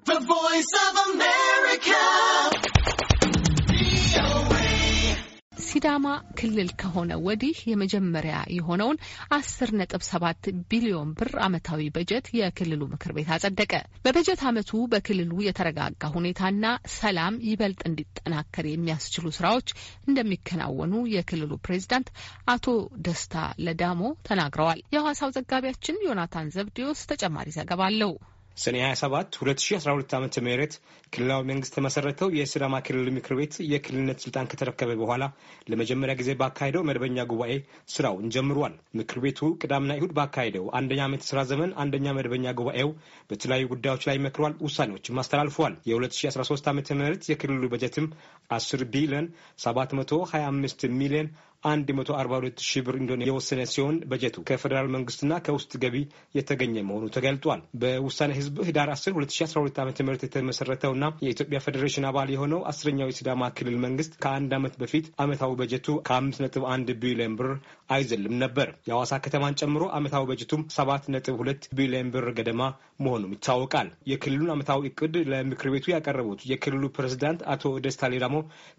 The Voice of America. ሲዳማ ክልል ከሆነ ወዲህ የመጀመሪያ የሆነውን አስር ነጥብ ሰባት ቢሊዮን ብር ዓመታዊ በጀት የክልሉ ምክር ቤት አጸደቀ። በበጀት ዓመቱ በክልሉ የተረጋጋ ሁኔታና ሰላም ይበልጥ እንዲጠናከር የሚያስችሉ ስራዎች እንደሚከናወኑ የክልሉ ፕሬዚዳንት አቶ ደስታ ለዳሞ ተናግረዋል። የሐዋሳው ዘጋቢያችን ዮናታን ዘብዲዮስ ተጨማሪ ዘገባ አለው። ሰኔ 27 2012 ዓ ም ክልላዊ መንግስት የመሰረተው የሲዳማ ክልል ምክር ቤት የክልልነት ስልጣን ከተረከበ በኋላ ለመጀመሪያ ጊዜ ባካሄደው መደበኛ ጉባኤ ስራውን ጀምሯል። ምክር ቤቱ ቅዳምና ይሁድ ባካሄደው አንደኛ ዓመት ስራ ዘመን አንደኛ መደበኛ ጉባኤው በተለያዩ ጉዳዮች ላይ መክሯል፣ ውሳኔዎችም አስተላልፈዋል። የ2013 ዓ ም የክልሉ በጀትም 10 ቢሊዮን 725 ሚሊዮን 142 ሺህ ብር እንደሆነ የወሰነ ሲሆን በጀቱ ከፌዴራል መንግስትና ከውስጥ ገቢ የተገኘ መሆኑ ተገልጧል። በውሳኔ ህዝብ ህዳር 10 2012 ዓ ም የተመሰረተውና የኢትዮጵያ ፌዴሬሽን አባል የሆነው አስረኛው የሲዳማ ክልል መንግስት ከአንድ ዓመት በፊት ዓመታዊ በጀቱ ከ5.1 ቢሊዮን ብር አይዘልም ነበር። የሐዋሳ ከተማን ጨምሮ ዓመታዊ በጀቱም 7.2 ቢሊዮን ብር ገደማ መሆኑም ይታወቃል። የክልሉን ዓመታዊ እቅድ ለምክር ቤቱ ያቀረቡት የክልሉ ፕሬዚዳንት አቶ ደስታ ሌዳሞ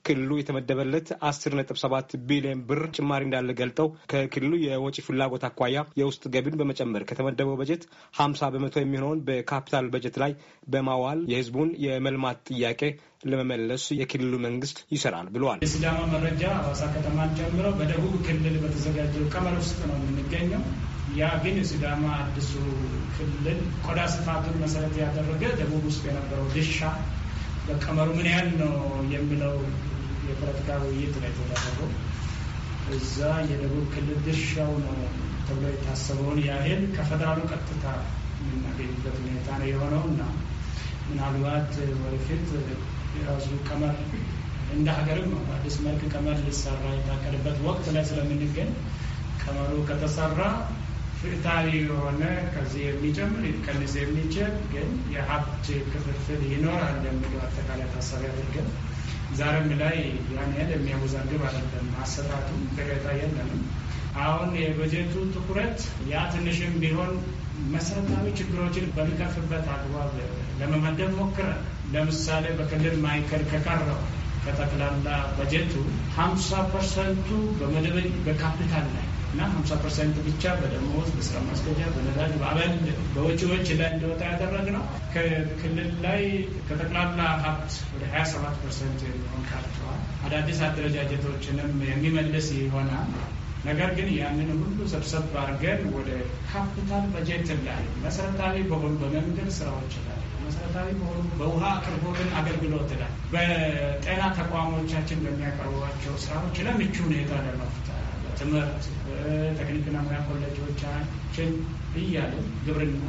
ክልሉ የተመደበለት 10.7 ቢሊዮን ብር ጭማሪ እንዳለ ገልጠው ከክልሉ የወጪ ፍላጎት አኳያ የውስጥ ገቢን በመጨመር ከተመደበው በጀት ሀምሳ በመቶ የሚሆነውን በካፒታል በጀት ላይ በማዋል የህዝቡን የመልማት ጥያቄ ለመመለስ የክልሉ መንግስት ይሰራል ብለዋል። የሲዳማ መረጃ ሀዋሳ ከተማን ጨምሮ በደቡብ ክልል በተዘጋጀው ቀመር ውስጥ ነው የምንገኘው። ያ ግን የሲዳማ አዲሱ ክልል ቆዳ ስፋቱን መሰረት ያደረገ ደቡብ ውስጥ የነበረው ድርሻ በቀመሩ ምን ያህል ነው የሚለው የፖለቲካ ውይይት ነው የተደረገው። እዛ የደቡብ ክልል ድርሻው ነው ተብሎ የታሰበውን ያህል ከፌደራሉ ቀጥታ የምናገኝበት ሁኔታ ነው የሆነው እና ምናልባት ወደፊት የራሱ ቀመር እንደ ሀገርም በአዲስ መልክ ቀመር ሊሰራ የታቀደበት ወቅት ላይ ስለምንገኝ ቀመሩ ከተሰራ ፍትሃዊ የሆነ ከዚህ የሚጨምር ከንስ የሚችል ግን የሀብት ክፍፍል ይኖራል የሚለው አጠቃላይ ታሳቢ አድርገን ዛሬም ላይ ያን ያህል የሚያወዛግብ አይደለም። አሰጣጡ ቅሬታ የለንም። አሁን የበጀቱ ትኩረት ያ ትንሽም ቢሆን መሰረታዊ ችግሮችን በሚቀርፍበት አግባብ ለመመደብ ሞክረ ለምሳሌ በክልል ማዕከል ከቀረው ከጠቅላላ በጀቱ ሀምሳ ፐርሰንቱ በመደበኝ በካፒታል ላይ እና 50 ፐርሰንት ብቻ በደሞዝ በስራ ማስገጃ በነዳጅ በአበል በወጪዎች ላይ ያደረግ ነው። ከክልል ላይ ከጠቅላላ ሀብት ወደ 27 ፐርሰንት የሚሆን ቀርተዋል። አዳዲስ አደረጃጀቶችንም የሚመልስ ይሆናል። ነገር ግን ያንን ሁሉ ሰብሰብ አድርገን ወደ ካፒታል በጀት ላይ መሰረታዊ በሆኑ በመንገድ ስራዎች ላይ መሰረታዊ በሆኑ በውሃ አቅርቦትን አገልግሎት ላይ በጤና ተቋሞቻችን በሚያቀርቧቸው ስራዎች ለምቹ ምቹ ሁኔታ ለመፍጠር ትምህርት፣ ቴክኒክና ሙያ ኮሌጆቻችን እያሉ ግብርና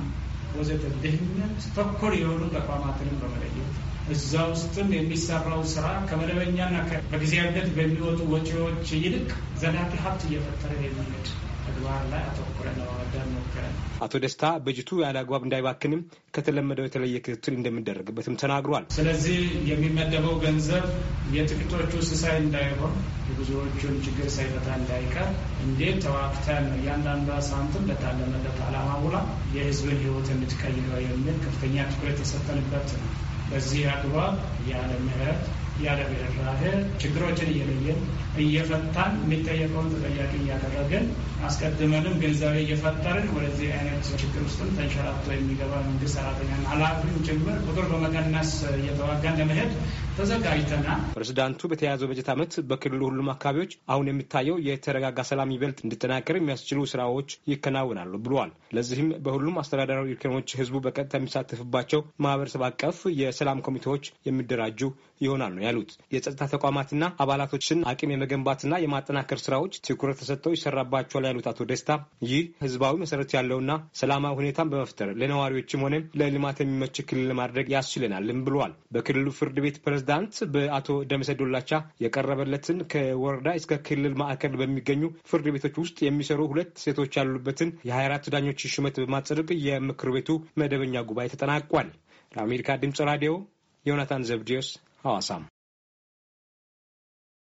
ወዘተ ድህነት ተኮር የሆኑ ተቋማትንም በመለየት እዛ ውስጥም የሚሰራው ስራ ከመደበኛና በጊዜያዊነት በሚወጡ ወጪዎች ይልቅ ዘላቂ ሀብት እየፈጠረ የሚሄድ ተግባር ላይ አተኩረን ለማበደር ሞክረን አቶ ደስታ በጀቱ ያለ አግባብ እንዳይባክንም ከተለመደው የተለየ ክትትል እንደሚደረግበትም ተናግሯል። ስለዚህ የሚመደበው ገንዘብ የጥቂቶቹ ስሳይ እንዳይሆን የብዙዎቹን ችግር ሳይፈታ እንዳይቀር እንዴት ተዋክተን እያንዳንዷ ሳንትም ለታለመለት አላማ ውላ የህዝብን ህይወት እንድትቀይረው የሚል ከፍተኛ ትኩረት የሰጠንበት ነው። በዚህ አግባብ ያለ ምህረት ያለ ብሔርራሄ ችግሮችን እየለየን እየፈታን የሚጠየቀውን ተጠያቂ እያደረገን አስቀድመንም ግንዛቤ እየፈጠርን ወደዚህ አይነት ችግር ውስጥም ተንሸራቶ የሚገባ መንግስት ሰራተኛ ኃላፊም ጭምር ቁጥር በመቀነስ እየተዋጋን ለመሄድ ተዘጋጅተናል። ፕሬዚዳንቱ በተያያዘው በጀት ዓመት በክልሉ ሁሉም አካባቢዎች አሁን የሚታየው የተረጋጋ ሰላም ይበልጥ እንዲጠናከር የሚያስችሉ ስራዎች ይከናወናሉ ብለዋል። ለዚህም በሁሉም አስተዳደራዊ እርከኖች ህዝቡ በቀጥታ የሚሳተፍባቸው ማህበረሰብ አቀፍ የሰላም ኮሚቴዎች የሚደራጁ ይሆናል ነው ያሉት። የጸጥታ ተቋማትና አባላቶችን አቅም የመገንባትና የማጠናከር ስራዎች ትኩረት ተሰጥተው ይሰራባቸዋል ያሉት አቶ ደስታ ይህ ህዝባዊ መሰረት ያለውና ሰላማዊ ሁኔታን በመፍጠር ለነዋሪዎችም ሆነ ለልማት የሚመች ክልል ለማድረግ ያስችለናልም ብለዋል። በክልሉ ፍርድ ቤት ፕሬዚዳንት በአቶ ደመሰ ዶላቻ የቀረበለትን ከወረዳ እስከ ክልል ማዕከል በሚገኙ ፍርድ ቤቶች ውስጥ የሚሰሩ ሁለት ሴቶች ያሉበትን የ24 ዳኞች ሹመት በማጸደቅ የምክር ቤቱ መደበኛ ጉባኤ ተጠናቋል። ለአሜሪካ ድምፅ ራዲዮ ዮናታን ዘብዲዮስ ሐዋሳም